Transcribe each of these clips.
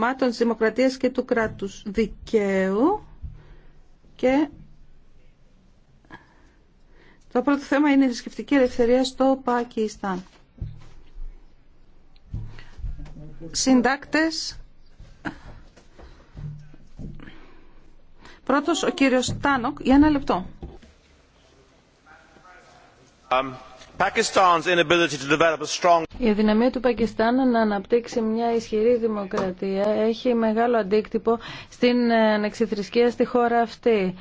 δικαιωμάτων της δημοκρατίας και του κράτους δικαίου και το πρώτο θέμα είναι η θρησκευτική ελευθερία στο Πακιστάν. Συντάκτες Πρώτος ο κύριος Τάνοκ για ένα λεπτό. Um, η αδυναμία του Πακιστάν να αναπτύξει μια ισχυρή δημοκρατία έχει μεγάλο αντίκτυπο στην ε, ανεξιθρησκεία στη χώρα αυτή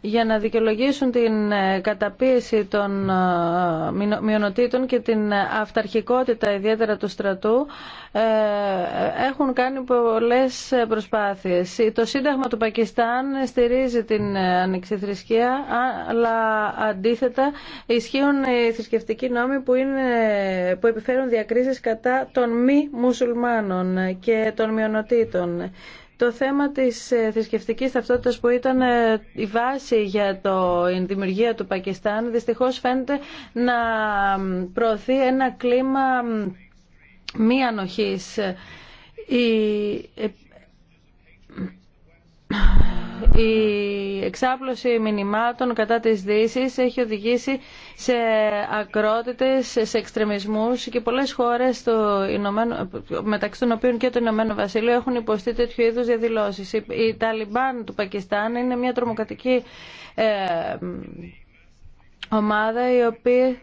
για να δικαιολογήσουν την ε, καταπίεση των ε, μειονοτήτων και την ε, αυταρχικότητα ιδιαίτερα του στρατού έχουν κάνει πολλές προσπάθειες. Το Σύνταγμα του Πακιστάν στηρίζει την θρησκεία αλλά αντίθετα ισχύουν οι θρησκευτικοί νόμοι που, είναι, που επιφέρουν διακρίσεις κατά των μη μουσουλμάνων και των μειονοτήτων. Το θέμα της ε, θρησκευτικής ταυτότητας που ήταν ε, η βάση για το, δημιουργία του Πακιστάν δυστυχώς φαίνεται να προωθεί ένα κλίμα μη ανοχής. Η, ε, η εξάπλωση μηνυμάτων κατά της δύση έχει οδηγήσει σε ακρότητες, σε εξτρεμισμούς και πολλές χώρες μεταξύ των οποίων και το Ηνωμένο Βασίλειο έχουν υποστεί τέτοιου είδους διαδηλώσεις. Η Ταλιμπάν του Πακιστάν είναι μια τρομοκρατική ε, ομάδα η οποία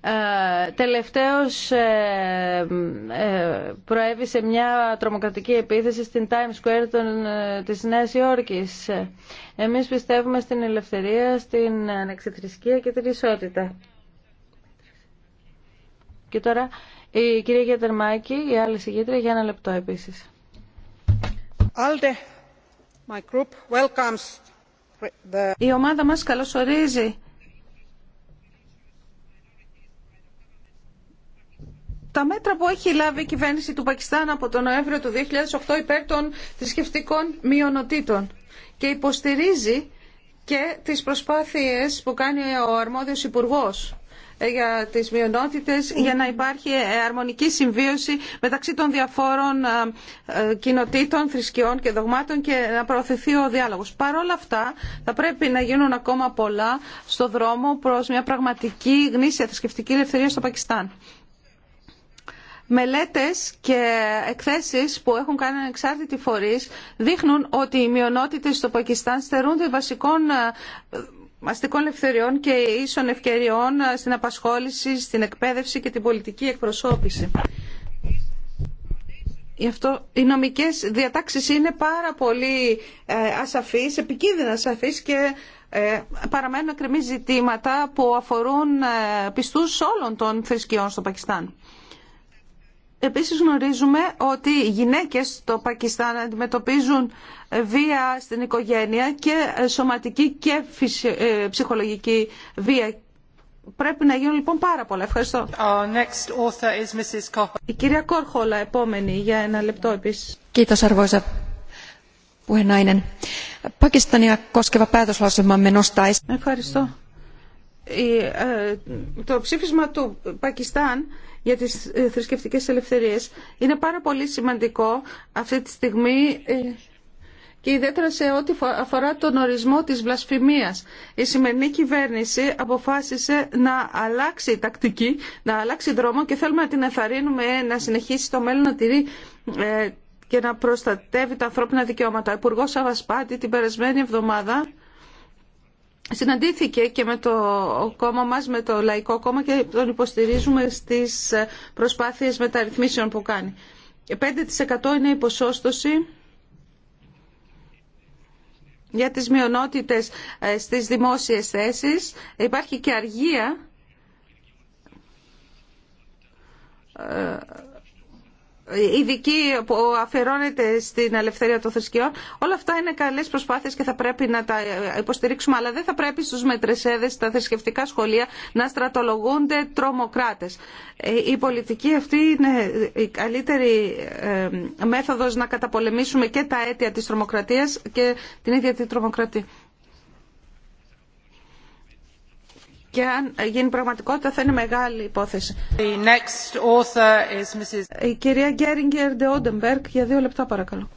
ε, τελευταίος ε, ε, προέβησε μια τρομοκρατική επίθεση στην Times Square των, της Νέας Υόρκης. Εμείς πιστεύουμε στην ελευθερία, στην ανεξιθρησκεία και την ισότητα. Και τώρα η κυρία Γιατερμάκη, η άλλη συγκέντρια, για ένα λεπτό επίσης. my group, welcomes Η ομάδα μας καλωσορίζει τα μέτρα που έχει λάβει η κυβέρνηση του Πακιστάν από τον Νοέμβριο του 2008 υπέρ των θρησκευτικών μειονοτήτων και υποστηρίζει και τις προσπάθειες που κάνει ο αρμόδιος υπουργός ε, για τις μειονότητες για να υπάρχει ε, αρμονική συμβίωση μεταξύ των διαφόρων ε, κοινοτήτων, θρησκειών και δογμάτων και να προωθηθεί ο διάλογος. Παρ' όλα αυτά θα πρέπει να γίνουν ακόμα πολλά στο δρόμο προς μια πραγματική γνήσια θρησκευτική ελευθερία στο Πακιστάν. Μελέτες και εκθέσεις που έχουν κάνει ανεξάρτητοι φορείς δείχνουν ότι οι μειονότητες στο Πακιστάν στερούνται βασικών ε, αστικών ελευθεριών και ίσων ευκαιριών ε, στην απασχόληση, στην εκπαίδευση και την πολιτική εκπροσώπηση. Γι' αυτό οι νομικές διατάξεις είναι πάρα πολύ ε, ασαφείς, επικίνδυνα ασαφείς και παραμένουν ακρεμή ζητήματα που αφορούν πιστούς όλων των θρησκειών στο Πακιστάν. Επίσης γνωρίζουμε ότι οι γυναίκες στο Πακιστάν αντιμετωπίζουν βία στην οικογένεια και σωματική και ε, ψυχολογική βία. Πρέπει να γίνουν λοιπόν πάρα πολλά. Ευχαριστώ. Η κυρία Κόρχολα, επόμενη, για ένα λεπτό επίσης. puhenainen. Pakistania koskeva päätöslauselmamme Ευχαριστώ. Ε, το ψήφισμα του Πακιστάν για τις ε, θρησκευτικές ελευθερίες είναι πάρα πολύ σημαντικό αυτή τη στιγμή ε, και ιδιαίτερα σε ό,τι αφορά τον ορισμό της βλασφημίας. Η σημερινή κυβέρνηση αποφάσισε να αλλάξει τακτική, να αλλάξει δρόμο και θέλουμε να την εθαρρύνουμε να συνεχίσει το μέλλον να τηρεί και να προστατεύει τα ανθρώπινα δικαιώματα. Ο Υπουργός Αβασπάτη την περασμένη εβδομάδα Συναντήθηκε και με το κόμμα μας, με το Λαϊκό Κόμμα και τον υποστηρίζουμε στις προσπάθειες μεταρρυθμίσεων που κάνει. 5% είναι η ποσόστοση για τις μειονότητες ε, στις δημόσιες θέσεις. Υπάρχει και αργία ε, ειδική που αφιερώνεται στην ελευθερία των θρησκειών. Όλα αυτά είναι καλέ προσπάθειε και θα πρέπει να τα υποστηρίξουμε, αλλά δεν θα πρέπει στου μετρεσέδε, στα θρησκευτικά σχολεία να στρατολογούνται τρομοκράτε. Ε, η πολιτική αυτή είναι η καλύτερη ε, μέθοδο να καταπολεμήσουμε και τα αίτια τη τρομοκρατία και την ίδια τη τρομοκρατία. και αν γίνει πραγματικότητα θα είναι μεγάλη υπόθεση. Η κυρία Γκέριγκερ Ντεόντεμπερκ, για δύο λεπτά παρακαλώ.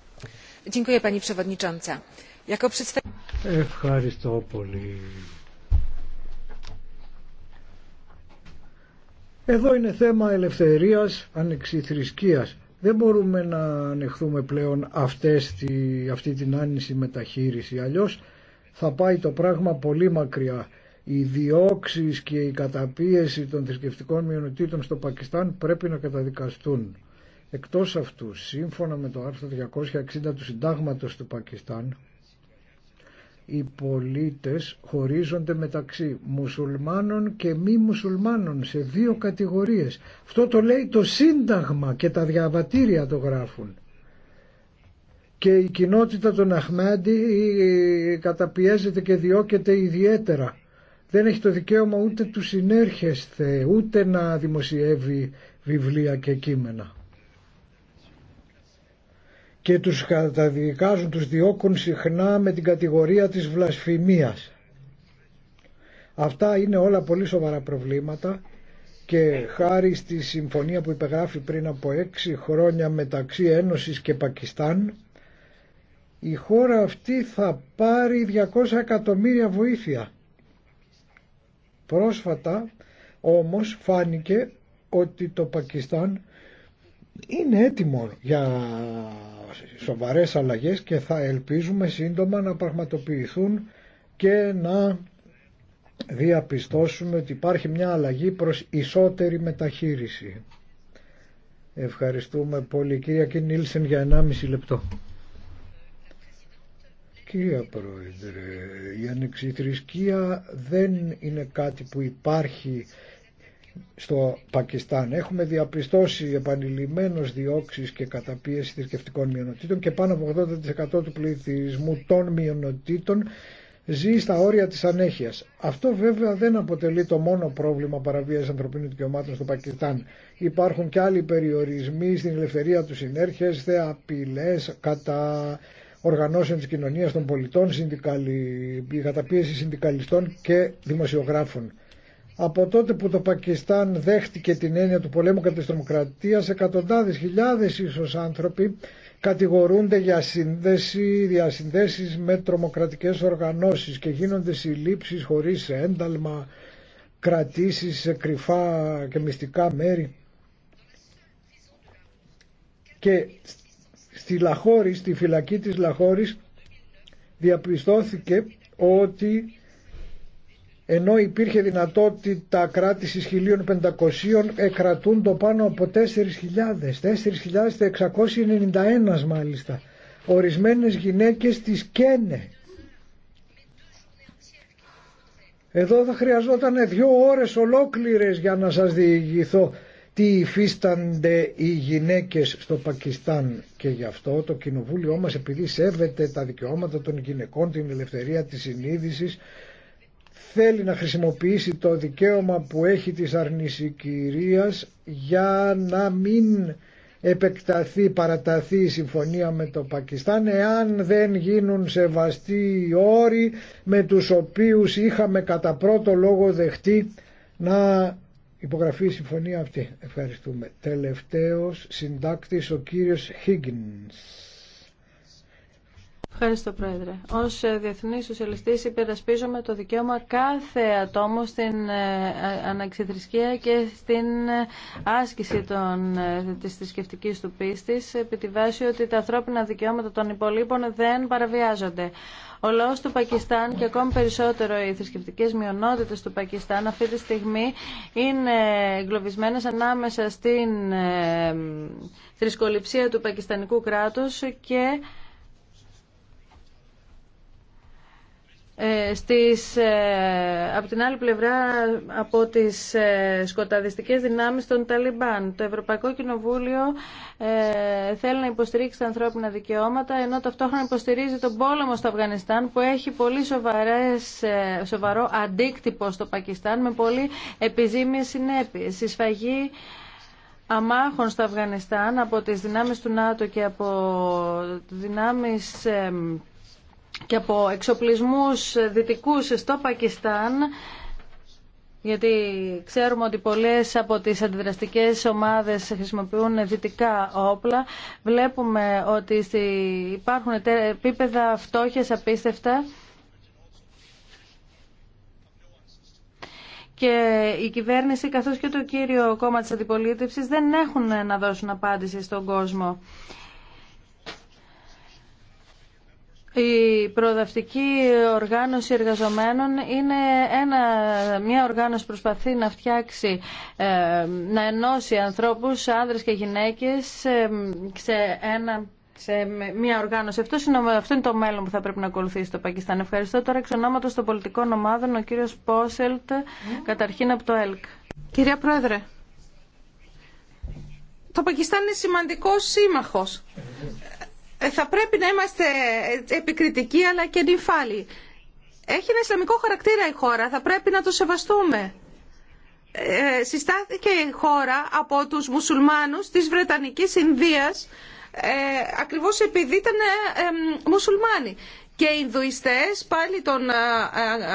Ευχαριστώ πολύ. Εδώ είναι θέμα ελευθερίας ανεξιθρησκείας. Δεν μπορούμε να ανεχθούμε πλέον αυτές τη, αυτή την άνηση μεταχείριση. Αλλιώς θα πάει το πράγμα πολύ μακριά οι διώξει και η καταπίεση των θρησκευτικών μειονοτήτων στο Πακιστάν πρέπει να καταδικαστούν. Εκτός αυτού, σύμφωνα με το άρθρο 260 του Συντάγματος του Πακιστάν, οι πολίτες χωρίζονται μεταξύ μουσουλμάνων και μη μουσουλμάνων σε δύο κατηγορίες. Αυτό το λέει το Σύνταγμα και τα διαβατήρια το γράφουν. Και η κοινότητα των Αχμέντι ε, ε, καταπιέζεται και διώκεται ιδιαίτερα δεν έχει το δικαίωμα ούτε του συνέρχεσθε, ούτε να δημοσιεύει βιβλία και κείμενα. Και τους καταδικάζουν, τους διώκουν συχνά με την κατηγορία της βλασφημίας. Αυτά είναι όλα πολύ σοβαρά προβλήματα και χάρη στη συμφωνία που υπεγράφει πριν από έξι χρόνια μεταξύ Ένωσης και Πακιστάν, η χώρα αυτή θα πάρει 200 εκατομμύρια βοήθεια Πρόσφατα όμως φάνηκε ότι το Πακιστάν είναι έτοιμο για σοβαρές αλλαγές και θα ελπίζουμε σύντομα να πραγματοποιηθούν και να διαπιστώσουμε ότι υπάρχει μια αλλαγή προς ισότερη μεταχείριση. Ευχαριστούμε πολύ κυρία Κινίλσεν για 1,5 λεπτό. Κυρία Πρόεδρε, η ανεξιθρησκεία δεν είναι κάτι που υπάρχει στο Πακιστάν. Έχουμε διαπιστώσει επανειλημμένως διώξεις και καταπίεση θρησκευτικών μειονοτήτων και πάνω από 80% του πληθυσμού των μειονοτήτων ζει στα όρια της ανέχειας. Αυτό βέβαια δεν αποτελεί το μόνο πρόβλημα παραβίασης ανθρωπίνων δικαιωμάτων στο Πακιστάν. Υπάρχουν και άλλοι περιορισμοί στην ελευθερία του συνέρχεσθε, απειλές κατά οργανώσεων της κοινωνίας των πολιτών, συνδικαλι... η καταπίεση συνδικαλιστών και δημοσιογράφων. Από τότε που το Πακιστάν δέχτηκε την έννοια του πολέμου κατά της τρομοκρατίας, εκατοντάδες χιλιάδες ίσω άνθρωποι κατηγορούνται για σύνδεση, με τρομοκρατικέ οργανώσεις και γίνονται συλλήψει χωρί ένταλμα, κρατήσει σε κρυφά και μυστικά μέρη στη Λαχώρη, στη φυλακή της Λαχώρης διαπιστώθηκε ότι ενώ υπήρχε δυνατότητα κράτησης 1.500 εκρατούν το πάνω από 4.000, 4.691 μάλιστα. Ορισμένες γυναίκες τις καίνε. Εδώ θα χρειαζόταν δύο ώρες ολόκληρες για να σας διηγηθώ τι υφίστανται οι γυναίκες στο Πακιστάν και γι' αυτό το κοινοβούλιο μας επειδή σέβεται τα δικαιώματα των γυναικών, την ελευθερία της συνείδησης θέλει να χρησιμοποιήσει το δικαίωμα που έχει της αρνησικυρίας για να μην επεκταθεί, παραταθεί η συμφωνία με το Πακιστάν εάν δεν γίνουν σεβαστοί οι όροι με τους οποίους είχαμε κατά πρώτο λόγο δεχτεί να Υπογραφή η συμφωνία αυτή. Ευχαριστούμε. Τελευταίος συντάκτης ο κύριος Higgins. Ευχαριστώ, Πρόεδρε. Ω ε, Διεθνή Σοσιαλιστή, υπερασπίζομαι το δικαίωμα κάθε ατόμου στην ε, ε, αναξιθρησκεία και στην άσκηση τη θρησκευτική του πίστη, επί τη βάση ότι τα ανθρώπινα δικαιώματα των υπολείπων δεν παραβιάζονται. Ο λαό του Πακιστάν και ακόμη περισσότερο οι θρησκευτικέ μειονότητε του Πακιστάν αυτή τη στιγμή είναι εγκλωβισμένε ανάμεσα στην θρησκοληψία του πακιστανικού κράτου και Ε, στις, ε, από την άλλη πλευρά από τις ε, σκοταδιστικές δυνάμεις των Ταλιμπάν. Το Ευρωπαϊκό Κοινοβούλιο θέλει να υποστηρίξει τα ανθρώπινα δικαιώματα ενώ ταυτόχρονα υποστηρίζει τον πόλεμο στο Αφγανιστάν που έχει πολύ σοβαρές, σοβαρό αντίκτυπο στο Πακιστάν με πολύ επιζήμιες συνέπειες. Η σφαγή αμάχων στο Αφγανιστάν από τις δυνάμεις του ΝΑΤΟ και από δυνάμεις και από εξοπλισμούς δυτικούς στο Πακιστάν γιατί ξέρουμε ότι πολλές από τις αντιδραστικές ομάδες χρησιμοποιούν δυτικά όπλα. Βλέπουμε ότι υπάρχουν επίπεδα φτώχειας απίστευτα. Και η κυβέρνηση καθώς και το κύριο κόμμα της αντιπολίτευσης δεν έχουν να δώσουν απάντηση στον κόσμο. Η προοδευτική οργάνωση εργαζομένων είναι ένα, μια οργάνωση που προσπαθεί να φτιάξει, ε, να ενώσει ανθρώπους, άνδρες και γυναίκες ε, σε ένα σε μια οργάνωση. Αυτό είναι, αυτό το μέλλον που θα πρέπει να ακολουθήσει το Πακιστάν. Ευχαριστώ τώρα εξ ονόματος των πολιτικών ομάδων ο κύριος Πόσελτ, καταρχήν από το ΕΛΚ. Κυρία Πρόεδρε, το Πακιστάν είναι σημαντικός σύμμαχος ε, θα πρέπει να είμαστε ε, επικριτικοί αλλά και νυφάλοι. Έχει ένα ισλαμικό χαρακτήρα η χώρα, θα πρέπει να το σεβαστούμε. Ε, συστάθηκε η χώρα από τους μουσουλμάνους της Βρετανικής Ινδίας ε, ακριβώς επειδή ήταν μουσουλμάνοι. Και οι Ινδουιστές πάλι των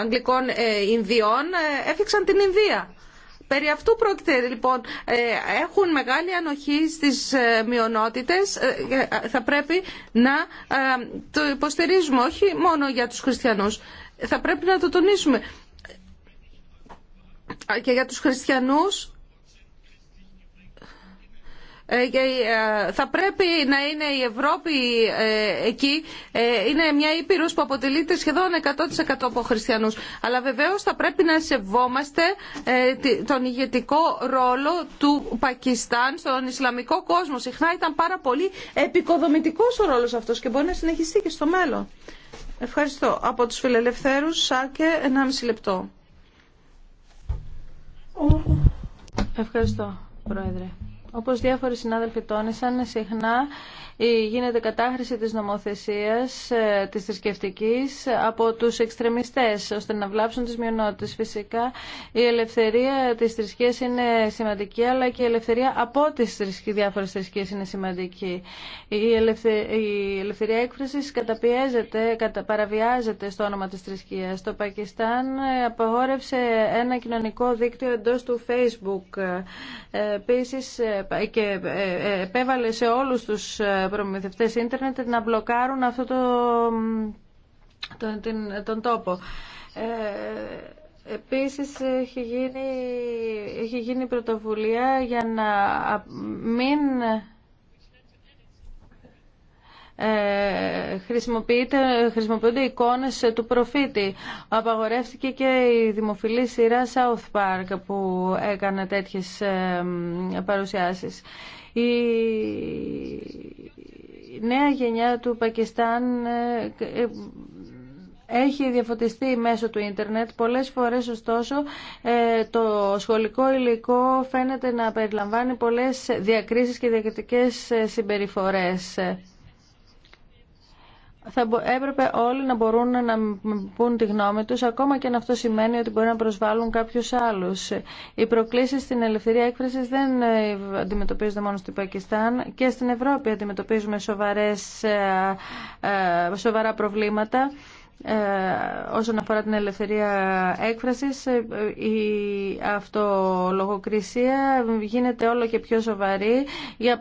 Αγγλικών Ινδιών έφτιαξαν την Ινδία. Περί αυτού πρόκειται λοιπόν, ε, έχουν μεγάλη ανοχή στις ε, μειονότητες, ε, θα πρέπει να το υποστηρίζουμε, όχι μόνο για τους χριστιανούς, θα πρέπει να το τονίσουμε. Και για τους χριστιανούς ε, ε, θα πρέπει να είναι η Ευρώπη ε, εκεί. Είναι μια ήπειρος που αποτελείται σχεδόν 100% από χριστιανούς. Αλλά βεβαίως θα πρέπει να σεβόμαστε τον ηγετικό ρόλο του Πακιστάν στον Ισλαμικό κόσμο. Συχνά ήταν πάρα πολύ επικοδομητικός ο ρόλος αυτός και μπορεί να συνεχιστεί και στο μέλλον. Ευχαριστώ. Από τους φιλελευθέρους, Σάκε, 1,5 λεπτό. Ευχαριστώ, Πρόεδρε. Όπως διάφοροι συνάδελφοι τόνισαν, συχνά γίνεται κατάχρηση της νομοθεσίας ε, της θρησκευτική από τους εξτρεμιστές ώστε να βλάψουν τις μειονότητες. Φυσικά η ελευθερία της θρησκείας είναι σημαντική αλλά και η ελευθερία από τις διάφορες θρησκείες είναι σημαντική. Η, ελευθερία έκφρασης καταπιέζεται, κατα... παραβιάζεται στο όνομα της θρησκείας. Το Πακιστάν ε, απαγόρευσε ένα κοινωνικό δίκτυο εντός του Facebook. Ε, επίσης και επέβαλε σε όλους τους προμηθευτές ίντερνετ να μπλοκάρουν αυτό το, τον, τόπο. Ε, επίσης έχει γίνει, έχει γίνει πρωτοβουλία για να μην ε, χρησιμοποιούνται εικόνες του προφήτη. Απαγορεύτηκε και η δημοφιλή σειρά South Park που έκανε τέτοιες ε, παρουσιάσεις. Η... Η νέα γενιά του Πακιστάν ε, ε, έχει διαφωτιστεί μέσω του ίντερνετ. Πολλές φορές, ωστόσο, ε, το σχολικό υλικό φαίνεται να περιλαμβάνει πολλές διακρίσεις και διακριτικές συμπεριφορές θα έπρεπε όλοι να μπορούν να πούν τη γνώμη τους, ακόμα και αν αυτό σημαίνει ότι μπορεί να προσβάλλουν κάποιους άλλους. Οι προκλήσεις στην ελευθερία έκφρασης δεν ε, αντιμετωπίζονται μόνο στην Πακιστάν και στην Ευρώπη αντιμετωπίζουμε σοβαρές, ε, ε, σοβαρά προβλήματα. Ε, όσον αφορά την ελευθερία έκφρασης ε, η αυτολογοκρισία γίνεται όλο και πιο σοβαρή οι ε,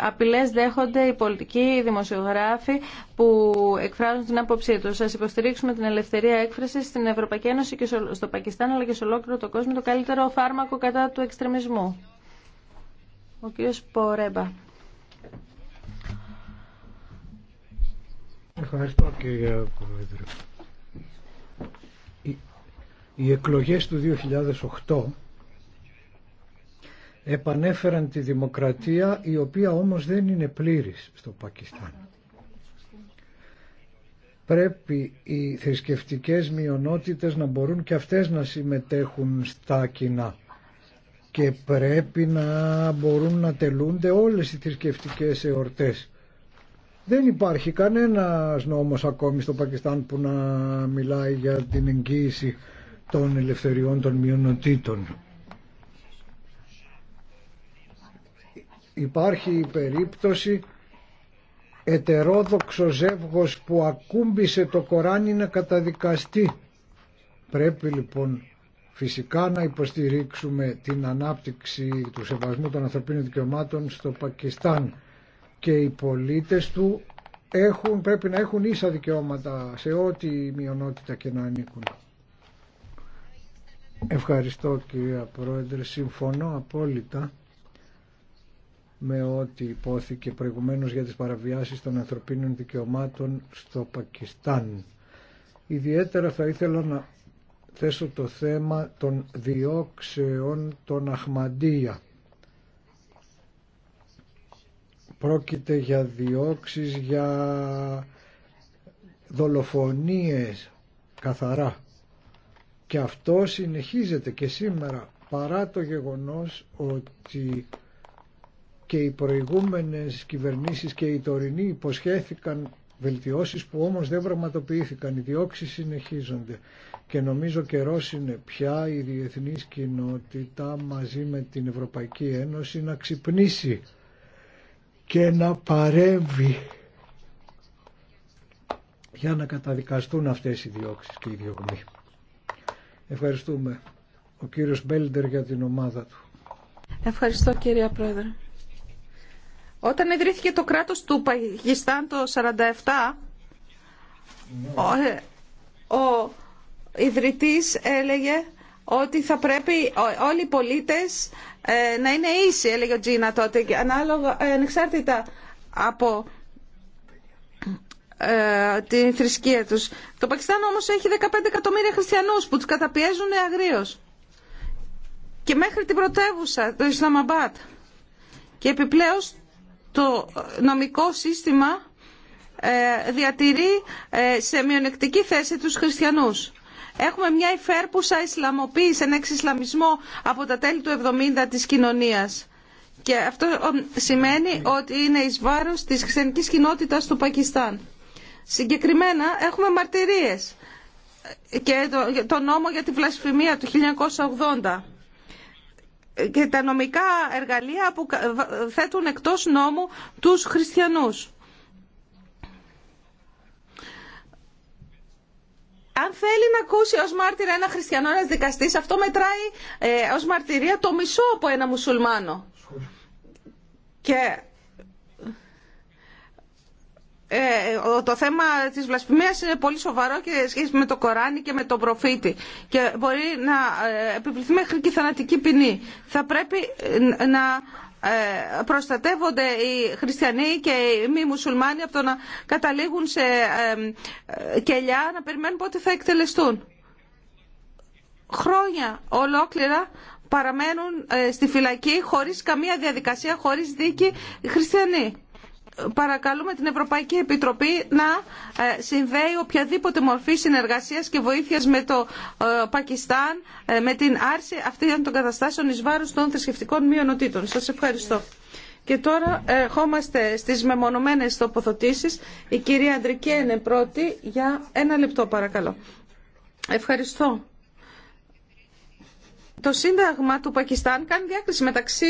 απειλές δέχονται οι πολιτικοί, οι δημοσιογράφοι που εκφράζουν την άποψή τους Σας υποστηρίξουμε την ελευθερία έκφρασης στην Ευρωπαϊκή Ένωση και στο Πακιστάν αλλά και σε ολόκληρο το κόσμο το καλύτερο φάρμακο κατά του εξτρεμισμού Ο κύριος Πορέμπα Ευχαριστώ κύριε Πρόεδρε. Οι, οι εκλογές του 2008 επανέφεραν τη δημοκρατία η οποία όμως δεν είναι πλήρης στο Πακιστάν. Πρέπει οι θρησκευτικές μειονότητες να μπορούν και αυτές να συμμετέχουν στα κοινά και πρέπει να μπορούν να τελούνται όλες οι θρησκευτικές εορτές δεν υπάρχει κανένας νόμος ακόμη στο Πακιστάν που να μιλάει για την εγγύηση των ελευθεριών των μειονοτήτων. Υπάρχει η περίπτωση ετερόδοξο ζεύγος που ακούμπησε το Κοράνι να καταδικαστεί. Πρέπει λοιπόν φυσικά να υποστηρίξουμε την ανάπτυξη του σεβασμού των ανθρωπίνων δικαιωμάτων στο Πακιστάν και οι πολίτες του έχουν, πρέπει να έχουν ίσα δικαιώματα σε ό,τι μειονότητα και να ανήκουν. Ευχαριστώ κυρία Πρόεδρε. Συμφωνώ απόλυτα με ό,τι υπόθηκε προηγουμένως για τις παραβιάσεις των ανθρωπίνων δικαιωμάτων στο Πακιστάν. Ιδιαίτερα θα ήθελα να θέσω το θέμα των διώξεων των Αχμαντία Πρόκειται για διώξεις, για δολοφονίες καθαρά. Και αυτό συνεχίζεται και σήμερα παρά το γεγονός ότι και οι προηγούμενες κυβερνήσεις και οι τωρινοί υποσχέθηκαν βελτιώσεις που όμως δεν πραγματοποιήθηκαν. Οι διώξεις συνεχίζονται και νομίζω καιρό είναι πια η διεθνής κοινότητα μαζί με την Ευρωπαϊκή Ένωση να ξυπνήσει και να παρέμβει για να καταδικαστούν αυτές οι διώξεις και οι διωγμοί. Ευχαριστούμε ο κύριος Μπέλντερ για την ομάδα του. Ευχαριστώ κύριε Πρόεδρε. Όταν ιδρύθηκε το κράτος του Παγιστάν το 1947, ναι. ο, ε, ο ιδρυτής έλεγε ότι θα πρέπει όλοι οι πολίτες ε, να είναι ίσοι, έλεγε ο Τζίνα τότε, ανάλογα, ε, ανεξάρτητα από ε, την θρησκεία τους. Το Πακιστάν όμως έχει 15 εκατομμύρια χριστιανούς που τους καταπιέζουν αγρίως. Και μέχρι την πρωτεύουσα, το Ισλαμαμπάτ. Και επιπλέον το νομικό σύστημα ε, διατηρεί σε μειονεκτική θέση τους χριστιανούς. Έχουμε μια υφέρπουσα Ισλαμοποίηση, ένα εξισλαμισμό από τα τέλη του 70 της κοινωνίας. Και αυτό σημαίνει ότι είναι εις βάρος της χριστιανικής κοινότητας του Πακιστάν. Συγκεκριμένα έχουμε μαρτυρίες και το, νόμο για τη βλασφημία του 1980 και τα νομικά εργαλεία που θέτουν εκτός νόμου τους χριστιανούς. αν θέλει να ακούσει ως μάρτυρα ένα χριστιανό, ένας δικαστής, αυτό μετράει ε, ως μαρτυρία το μισό από ένα μουσουλμάνο. Και ε, το θέμα της βλασφημίας είναι πολύ σοβαρό και σχέση με το Κοράνι και με τον προφήτη και μπορεί να ε, επιβληθεί μέχρι και θανατική ποινή. Θα πρέπει ε, να ε, προστατεύονται οι χριστιανοί και οι μη μουσουλμάνοι από το να καταλήγουν σε ε, κελιά να περιμένουν πότε θα εκτελεστούν. Χρόνια ολόκληρα παραμένουν ε, στη φυλακή χωρίς καμία διαδικασία, χωρίς δίκη χριστιανοί παρακαλούμε την Ευρωπαϊκή Επιτροπή να ε, συνδέει οποιαδήποτε μορφή συνεργασίας και βοήθειας με το ε, Πακιστάν ε, με την άρση αυτών των καταστάσεων εις βάρος των θρησκευτικών μειονοτήτων. Σας ευχαριστώ. Και τώρα ερχόμαστε στις μεμονωμένες τοποθετήσεις. Η κυρία Αντρική είναι πρώτη για ένα λεπτό παρακαλώ. Ευχαριστώ. Το Σύνταγμα του Πακιστάν κάνει διάκριση μεταξύ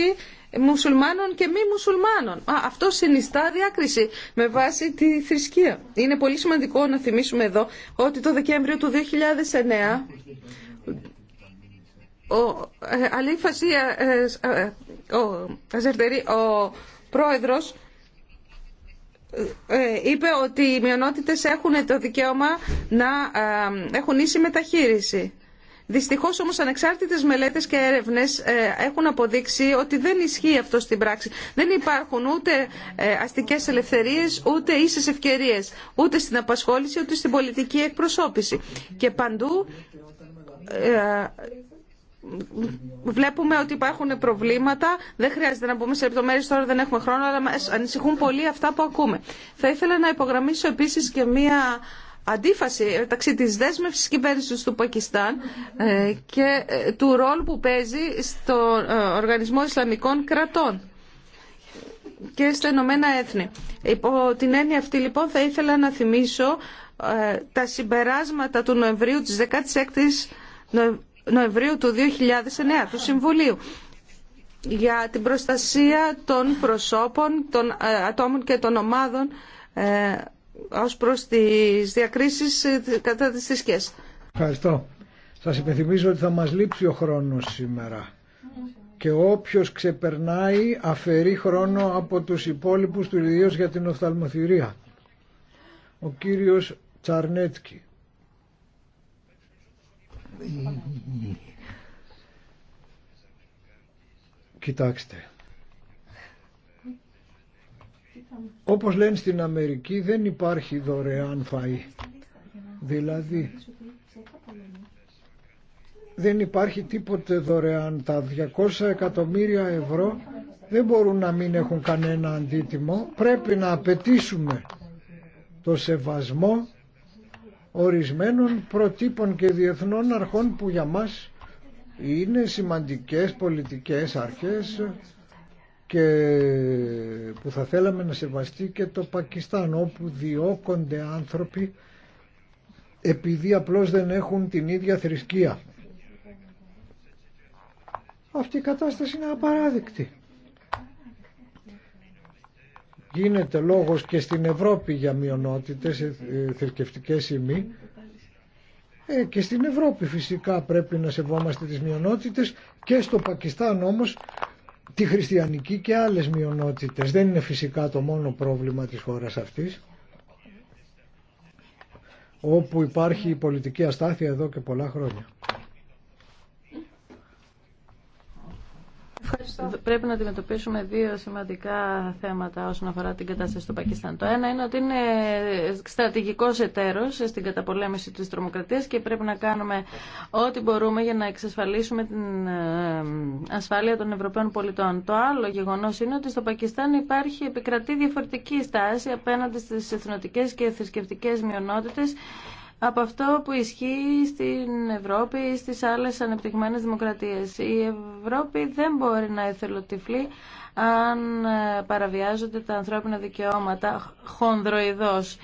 μουσουλμάνων και μη μουσουλμάνων. αυτό συνιστά διάκριση με βάση τη θρησκεία. Είναι πολύ σημαντικό να θυμίσουμε εδώ ότι το Δεκέμβριο του 2009 ο ε, Αλή ε, ε, ο, Αζερτερή, ο πρόεδρος, είπε ότι οι μειονότητες έχουν το δικαίωμα να έχουν ίση μεταχείριση. Δυστυχώς όμως ανεξάρτητες μελέτε και έρευνες ε, έχουν αποδείξει ότι δεν ισχύει αυτό στην πράξη. Δεν υπάρχουν ούτε ε, αστικές ελευθερίες, ούτε ίσες ευκαιρίες, ούτε στην απασχόληση, ούτε στην πολιτική εκπροσώπηση. Και παντού ε, βλέπουμε ότι υπάρχουν προβλήματα. Δεν χρειάζεται να μπούμε σε λεπτομέρειε τώρα, δεν έχουμε χρόνο, αλλά μα ανησυχούν πολύ αυτά που ακούμε. Θα ήθελα να υπογραμμίσω επίση και μία αντίφαση μεταξύ της δέσμευσης κυβέρνησης του Πακιστάν ε, και ε, του ρόλου που παίζει στον ε, Οργανισμό Ισλαμικών Κρατών και στα Ηνωμένα Έθνη. Υπό την έννοια αυτή λοιπόν θα ήθελα να θυμίσω τα συμπεράσματα του Νοεμβρίου της 16ης Νοεμβρίου του 2009 του Συμβουλίου για την προστασία των προσώπων, των ατόμων και των ομάδων ως προς τις διακρίσεις ε, κατά τις θρησκείες. Ευχαριστώ. Σας υπενθυμίζω ότι θα μας λείψει ο χρόνος σήμερα και όποιος ξεπερνάει αφαιρεί χρόνο από τους υπόλοιπους του ιδίως για την οφθαλμοθυρία. Ο κύριος Τσαρνέτσκι. Κοιτάξτε, Όπως λένε στην Αμερική δεν υπάρχει δωρεάν φαΐ. Δηλαδή δεν υπάρχει τίποτε δωρεάν. Τα 200 εκατομμύρια ευρώ δεν μπορούν να μην έχουν κανένα αντίτιμο. Πρέπει να απαιτήσουμε το σεβασμό ορισμένων προτύπων και διεθνών αρχών που για μας είναι σημαντικές πολιτικές αρχές και που θα θέλαμε να σεβαστεί και το Πακιστάν όπου διώκονται άνθρωποι επειδή απλώς δεν έχουν την ίδια θρησκεία. Αυτή η κατάσταση είναι απαράδεκτη. Γίνεται λόγος και στην Ευρώπη για μειονότητες ε, θρησκευτικές σημεί ε, και στην Ευρώπη φυσικά πρέπει να σεβόμαστε τις μειονότητες και στο Πακιστάν όμως τη χριστιανική και άλλες μειονότητες. Δεν είναι φυσικά το μόνο πρόβλημα της χώρας αυτής, όπου υπάρχει η πολιτική αστάθεια εδώ και πολλά χρόνια. Πρέπει να αντιμετωπίσουμε δύο σημαντικά θέματα όσον αφορά την κατάσταση στο Πακιστάν. Το ένα είναι ότι είναι στρατηγικό εταίρο στην καταπολέμηση τη τρομοκρατία και πρέπει να κάνουμε ό,τι μπορούμε για να εξασφαλίσουμε την ε, ασφάλεια των Ευρωπαίων πολιτών. Το άλλο γεγονό είναι ότι στο Πακιστάν υπάρχει επικρατή διαφορετική στάση απέναντι στι εθνοτικέ και θρησκευτικέ μειονότητε από αυτό που ισχύει στην Ευρώπη ή στις άλλες ανεπτυγμένες δημοκρατίες. Η Ευρώπη δεν μπορεί να εθελοτυφλεί αν ε, παραβιάζονται τα ανθρώπινα δικαιώματα χονδροειδώς.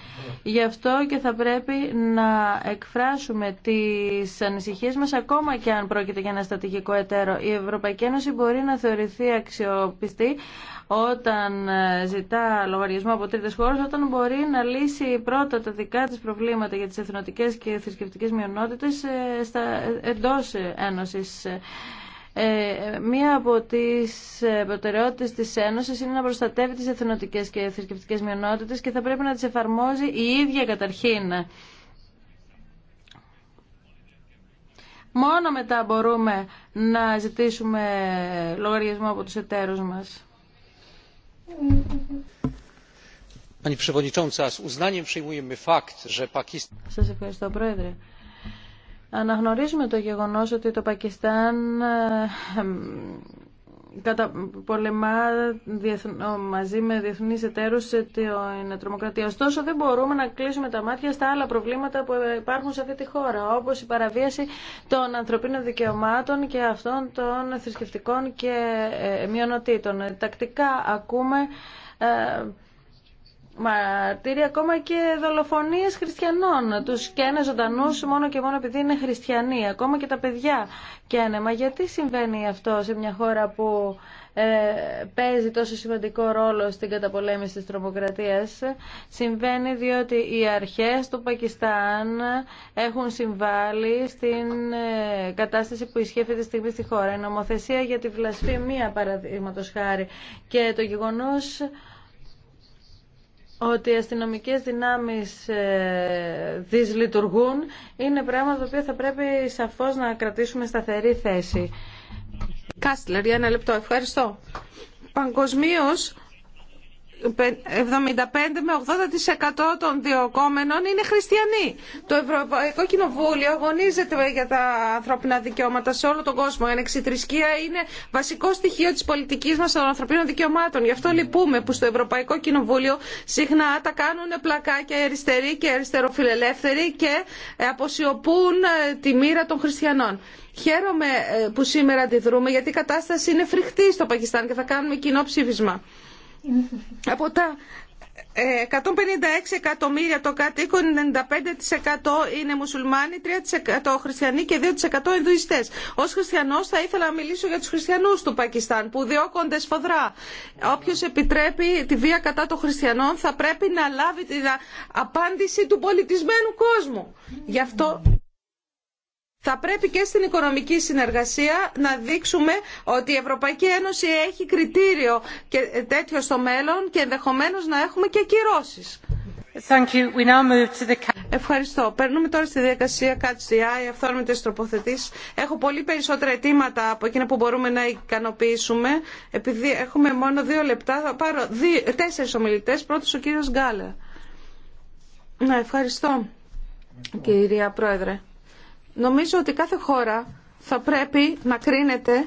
Γι' αυτό και θα πρέπει να εκφράσουμε τις ανησυχίες μας ακόμα και αν πρόκειται για ένα στατηγικό εταίρο. Η Ευρωπαϊκή Ένωση μπορεί να θεωρηθεί αξιοπιστή όταν ε, ζητά λογαριασμό από τρίτε χώρε, όταν μπορεί να λύσει πρώτα τα δικά της προβλήματα για τις εθνοτικέ και θρησκευτικές μειονότητες ε, εντός Ένωσης. Ε, μία από τις ε, προτεραιότητε της Ένωση είναι να προστατεύει τις εθνοτικέ και θρησκευτικέ μειονότητες και θα πρέπει να τις εφαρμόζει η ίδια καταρχήν. Μόνο μετά μπορούμε να ζητήσουμε λογαριασμό από τους εταίρους μας. Σας ευχαριστώ, Πρόεδρε. Αναγνωρίζουμε το γεγονός ότι το Πακιστάν ε, κατα... πολεμά μαζί με διεθνείς εταίρους είναι τρομοκρατία. Ωστόσο δεν μπορούμε να κλείσουμε τα μάτια στα άλλα προβλήματα που ε, υπάρχουν σε αυτή τη χώρα, όπως η παραβίαση των ανθρωπίνων δικαιωμάτων και αυτών των θρησκευτικών και ε, μειονοτήτων. Τακτικά ακούμε μαρτύρια ακόμα και δολοφονίες χριστιανών. Τους καίνε ζωντανού μόνο και μόνο επειδή είναι χριστιανοί. Ακόμα και τα παιδιά καίνε. Μα γιατί συμβαίνει αυτό σε μια χώρα που ε, παίζει τόσο σημαντικό ρόλο στην καταπολέμηση της τρομοκρατίας. Συμβαίνει διότι οι αρχές του Πακιστάν έχουν συμβάλει στην ε, κατάσταση που ισχύει αυτή τη στιγμή στη χώρα. Η νομοθεσία για τη βλασφημία παραδείγματος χάρη και το γεγονός ότι οι αστυνομικές δυνάμεις ε, δυσλειτουργούν είναι πράγμα το οποίο θα πρέπει σαφώς να κρατήσουμε σταθερή θέση. Κάστλερ, για ένα λεπτό. Ευχαριστώ. Παγκοσμίω, 75 με 80% των διοκόμενων είναι χριστιανοί. Το Ευρωπαϊκό Κοινοβούλιο αγωνίζεται για τα ανθρώπινα δικαιώματα σε όλο τον κόσμο. Η ανεξιτρισκεία είναι βασικό στοιχείο τη πολιτική μα των ανθρωπίνων δικαιωμάτων. Γι' αυτό λυπούμε που στο Ευρωπαϊκό Κοινοβούλιο συχνά τα κάνουν πλακάκια αριστεροί και αριστεροφιλελεύθεροι και αποσιωπούν ε, τη μοίρα των χριστιανών. Χαίρομαι ε, που σήμερα αντιδρούμε γιατί η κατάσταση είναι φρικτή στο Πακιστάν και θα κάνουμε κοινό ψήφισμα από τα 156 ε, εκατομμύρια το κατοίκον, 95% είναι μουσουλμάνοι, 3% χριστιανοί και 2% Ινδουιστές. Ως χριστιανός θα ήθελα να μιλήσω για τους χριστιανούς του Πακιστάν που διώκονται σφοδρά. Όποιος επιτρέπει τη βία κατά των χριστιανών θα πρέπει να λάβει την απάντηση του πολιτισμένου κόσμου. Γι' αυτό θα πρέπει και στην οικονομική συνεργασία να δείξουμε ότι η Ευρωπαϊκή Ένωση έχει κριτήριο και τέτοιο στο μέλλον και ενδεχομένως να έχουμε και κυρώσεις. Ευχαριστώ. Παίρνουμε τώρα στη διαδικασία ΚΑΤΣΤΙΑ, αυθόρμητε τροποθετήσει. Έχω πολύ περισσότερα αιτήματα από εκείνα που μπορούμε να ικανοποιήσουμε. Επειδή έχουμε μόνο δύο λεπτά, θα πάρω τέσσερι τέσσερις ομιλητές. Πρώτος ο κύριος Γκάλε. Ναι, ευχαριστώ, κυρία Πρόεδρε. Νομίζω ότι κάθε χώρα θα πρέπει να κρίνεται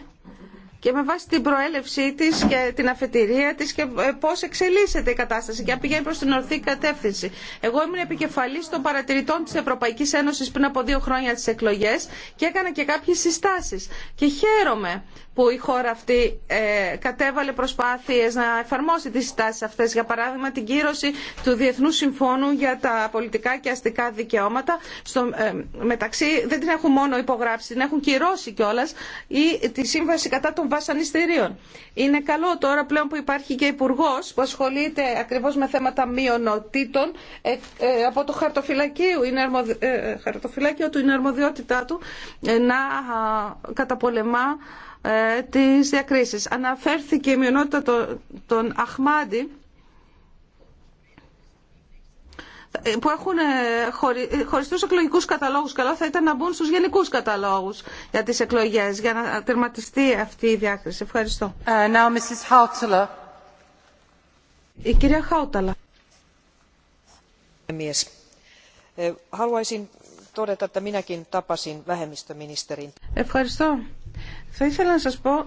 και με βάση την προέλευσή τη και την αφετηρία τη και ε, πώ εξελίσσεται η κατάσταση και αν πηγαίνει προς την ορθή κατεύθυνση. Εγώ ήμουν επικεφαλή των παρατηρητών τη Ευρωπαϊκή Ένωση πριν από δύο χρόνια τις εκλογές και έκανα και κάποιε συστάσει. Και χαίρομαι που η χώρα αυτή ε, κατέβαλε προσπάθειε να εφαρμόσει τι συστάσει αυτέ, Για παράδειγμα την κύρωση του Διεθνού Συμφώνου για τα πολιτικά και αστικά δικαιώματα. Ε, μεταξύ δεν την έχουν μόνο υπογράψει, την έχουν κυρώσει κιόλα ή τη σύμβαση κατά των είναι καλό τώρα πλέον που υπάρχει και υπουργό που ασχολείται ακριβώς με θέματα μειονοτήτων ε, ε, από το χαρτοφυλακείο, ε, χαρτοφυλάκιο του, είναι αρμοδιότητά του να καταπολεμά τις διακρίσεις. Αναφέρθηκε η μειονότητα των, των που έχουν ε, ε, χωριστούς εκλογικούς καταλόγους. Καλό θα ήταν να μπουν στους γενικούς καταλόγους για τις εκλογές, για να τερματιστεί αυτή η διάκριση. Ευχαριστώ. Uh, now, κυρία Χάουταλα. Ευχαριστώ. Θα ήθελα να σας πω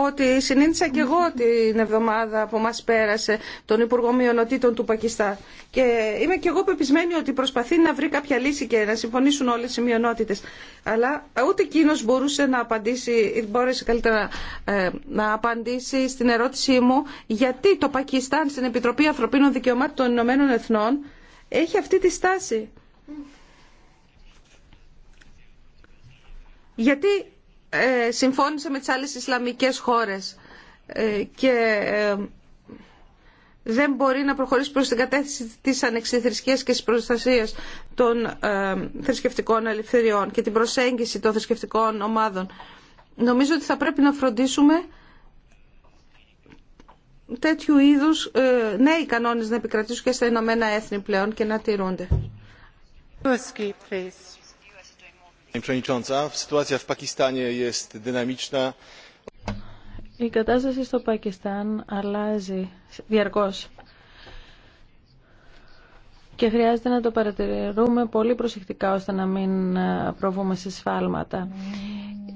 ότι συνήθισα και εγώ την εβδομάδα που μας πέρασε τον Υπουργό Μειονοτήτων του Πακιστάν. Και είμαι και εγώ πεπισμένη ότι προσπαθεί να βρει κάποια λύση και να συμφωνήσουν όλες οι μειονότητες. Αλλά ούτε εκείνο μπορούσε να απαντήσει, μπόρεσε καλύτερα ε, να απαντήσει στην ερώτησή μου γιατί το Πακιστάν στην Επιτροπή Ανθρωπίνων Δικαιωμάτων των Ηνωμένων Εθνών έχει αυτή τη στάση. Γιατί ε, συμφώνησε με τις άλλες Ισλαμικές χώρες ε, και ε, δεν μπορεί να προχωρήσει προς την κατέθεση της ανεξιθρησκείας και της προστασίας των θρησκευτικών ελευθεριών και την προσέγγιση των θρησκευτικών ομάδων. Νομίζω ότι θα πρέπει να φροντίσουμε τέτοιου είδους νέοι κανόνες να επικρατήσουν και στα Ηνωμένα Έθνη πλέον και να τηρούνται. Η κατάσταση στο Πακιστάν αλλάζει διαρκώς και χρειάζεται να το παρατηρούμε πολύ προσεκτικά ώστε να μην ε, προβούμε σε σφάλματα.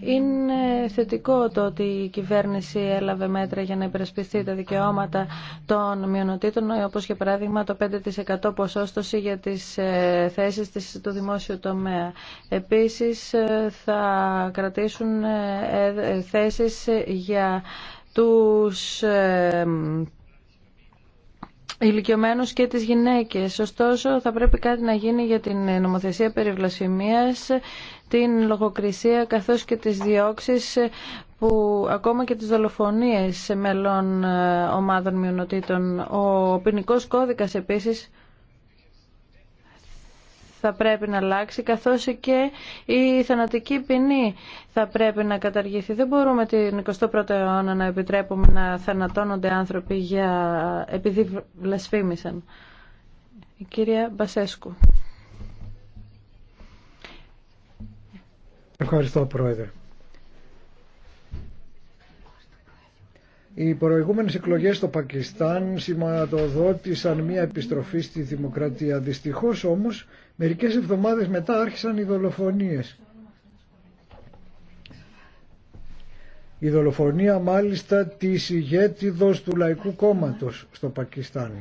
Είναι θετικό το ότι η κυβέρνηση έλαβε μέτρα για να υπερασπιστεί τα δικαιώματα των μειονοτήτων, όπως για παράδειγμα το 5% ποσόστοση για τις ε, θέσεις του δημόσιου τομέα. Επίσης ε, θα κρατήσουν ε, θέσεις για τους ηλικιωμένους και τις γυναίκες. Ωστόσο, θα πρέπει κάτι να γίνει για την νομοθεσία περί την λογοκρισία καθώς και τις διώξεις που ακόμα και τις δολοφονίες σε μελών ε, ομάδων μειονοτήτων. Ο ποινικό κώδικας επίσης θα πρέπει να αλλάξει, καθώς και η θανατική ποινή θα πρέπει να καταργηθεί. Δεν μπορούμε την 21ο αιώνα να επιτρέπουμε να θανατώνονται άνθρωποι για... επειδή βλασφήμισαν. Η κυρία Μπασέσκου. Ευχαριστώ, Πρόεδρε. Οι προηγούμενες εκλογές στο Πακιστάν σηματοδότησαν μια επιστροφή στη δημοκρατία. Δυστυχώς όμως, μερικές εβδομάδες μετά άρχισαν οι δολοφονίες. Η δολοφονία μάλιστα τη ηγέτιδος του Λαϊκού Κόμματος στο Πακιστάν.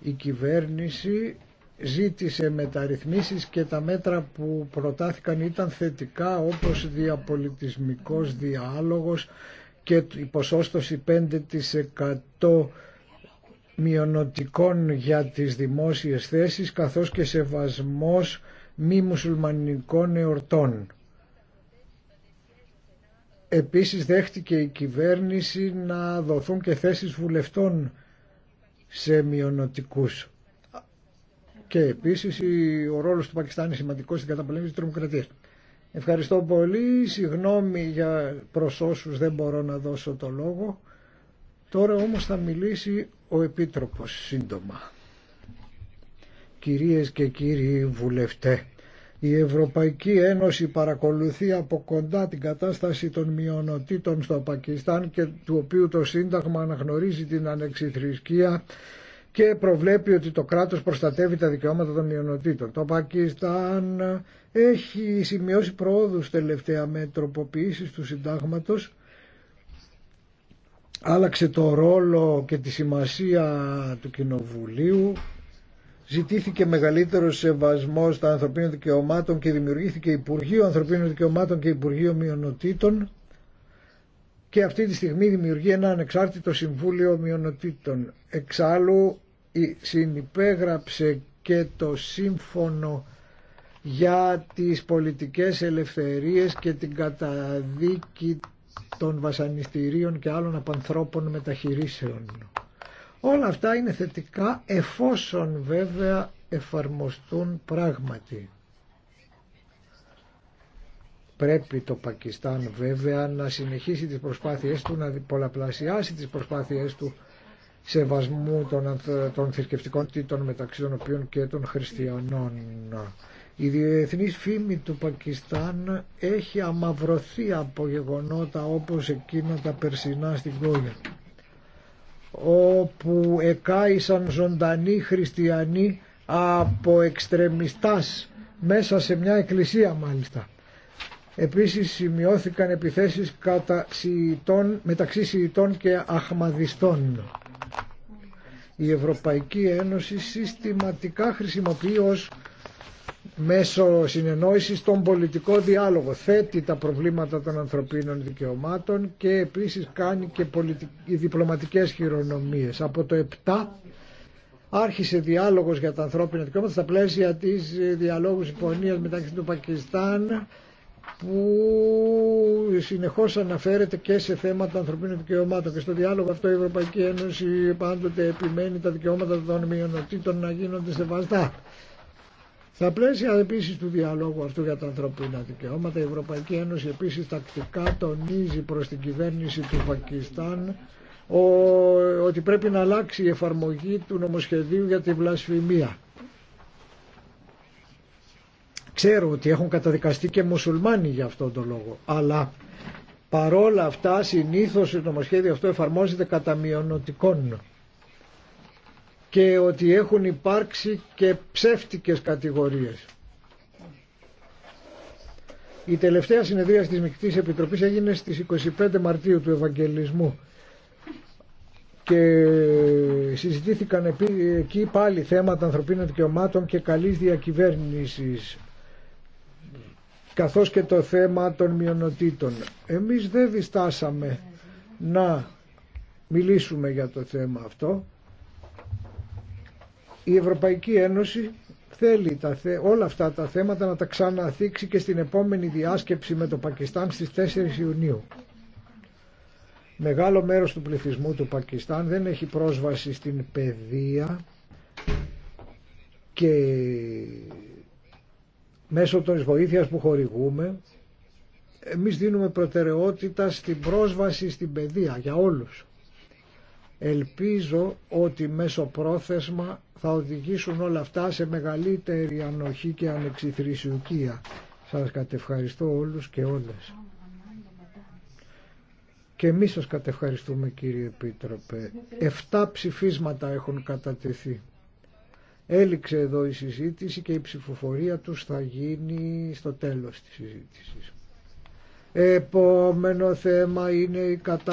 Η κυβέρνηση ζήτησε μεταρρυθμίσεις και τα μέτρα που προτάθηκαν ήταν θετικά όπως διαπολιτισμικός διάλογος και η ποσόστοση 5% μειονοτικών για τις δημόσιες θέσεις καθώς και σεβασμός μη μουσουλμανικών εορτών. Επίσης δέχτηκε η κυβέρνηση να δοθούν και θέσεις βουλευτών σε μειονοτικούς. Και επίσης ο ρόλος του Πακιστάν είναι σημαντικός στην καταπολέμηση της τρομοκρατίας. Ευχαριστώ πολύ. Συγγνώμη για προς όσους δεν μπορώ να δώσω το λόγο. Τώρα όμως θα μιλήσει ο Επίτροπος σύντομα. Κυρίες και κύριοι βουλευτέ, η Ευρωπαϊκή Ένωση παρακολουθεί από κοντά την κατάσταση των μειονοτήτων στο Πακιστάν και του οποίου το Σύνταγμα αναγνωρίζει την ανεξιθρησκεία και προβλέπει ότι το κράτος προστατεύει τα δικαιώματα των μειονοτήτων. Το Πακιστάν έχει σημειώσει προόδους τελευταία με τροποποιήσεις του συντάγματος. Άλλαξε το ρόλο και τη σημασία του Κοινοβουλίου. Ζητήθηκε μεγαλύτερο σεβασμό στα ανθρωπίνων δικαιωμάτων και δημιουργήθηκε Υπουργείο Ανθρωπίνων Δικαιωμάτων και Υπουργείο Μειονοτήτων και αυτή τη στιγμή δημιουργεί ένα ανεξάρτητο Συμβούλιο Μειονοτήτων. Εξάλλου συνυπέγραψε και το σύμφωνο για τις πολιτικές ελευθερίες και την καταδίκη των βασανιστήριων και άλλων απανθρώπων μεταχειρήσεων. Όλα αυτά είναι θετικά εφόσον βέβαια εφαρμοστούν πράγματι. Πρέπει το Πακιστάν βέβαια να συνεχίσει τις προσπάθειές του, να πολλαπλασιάσει τις προσπάθειές του σεβασμού των, των θρησκευτικών τίτων μεταξύ των οποίων και των χριστιανών. Η διεθνή φήμη του Πακιστάν έχει αμαυρωθεί από γεγονότα όπως εκείνα τα περσινά στην Κόγια όπου εκάησαν ζωντανοί χριστιανοί από εξτρεμιστάς μέσα σε μια εκκλησία μάλιστα Επίσης σημειώθηκαν επιθέσεις κατά Σιητών, μεταξύ Σιητών και Αχμαδιστών. Η Ευρωπαϊκή Ένωση συστηματικά χρησιμοποιεί ως μέσω συνεννόησης τον πολιτικό διάλογο. Θέτει τα προβλήματα των ανθρωπίνων δικαιωμάτων και επίσης κάνει και διπλωματικές χειρονομίες. Από το 7 άρχισε διάλογος για τα ανθρώπινα δικαιώματα στα πλαίσια της ε, διαλόγου συμφωνίας μεταξύ του Πακιστάν που συνεχώς αναφέρεται και σε θέματα ανθρωπίνων δικαιωμάτων και στο διάλογο αυτό η Ευρωπαϊκή Ένωση πάντοτε επιμένει τα δικαιώματα των μειονοτήτων να γίνονται σεβαστά. Στα πλαίσια επίσης του διαλόγου αυτού για τα ανθρωπίνα δικαιώματα η Ευρωπαϊκή Ένωση επίσης τακτικά τονίζει προς την κυβέρνηση του Πακιστάν ότι πρέπει να αλλάξει η εφαρμογή του νομοσχεδίου για τη βλασφημία Ξέρω ότι έχουν καταδικαστεί και μουσουλμάνοι για αυτόν τον λόγο, αλλά παρόλα αυτά συνήθως το νομοσχέδιο αυτό εφαρμόζεται κατά μειονοτικών και ότι έχουν υπάρξει και ψεύτικες κατηγορίες. Η τελευταία συνεδρία της Μικτής Επιτροπής έγινε στις 25 Μαρτίου του Ευαγγελισμού και συζητήθηκαν εκεί πάλι θέματα ανθρωπίνων δικαιωμάτων και καλής διακυβέρνησης καθώς και το θέμα των μειονοτήτων. Εμείς δεν διστάσαμε να μιλήσουμε για το θέμα αυτό. Η Ευρωπαϊκή Ένωση θέλει τα, όλα αυτά τα θέματα να τα ξαναθήξει και στην επόμενη διάσκεψη με το Πακιστάν στις 4 Ιουνίου. Μεγάλο μέρος του πληθυσμού του Πακιστάν δεν έχει πρόσβαση στην παιδεία μέσω των βοήθειας που χορηγούμε εμείς δίνουμε προτεραιότητα στην πρόσβαση στην παιδεία για όλους. Ελπίζω ότι μέσω πρόθεσμα θα οδηγήσουν όλα αυτά σε μεγαλύτερη ανοχή και ανεξιθρησιουκία. Σας κατευχαριστώ όλους και όλες. Και εμείς σας κατευχαριστούμε κύριε Επίτροπε. Εφτά ψηφίσματα έχουν κατατεθεί. Έληξε εδώ η συζήτηση και η ψηφοφορία τους θα γίνει στο τέλος της συζήτησης. Επόμενο θέμα είναι η κατάσταση.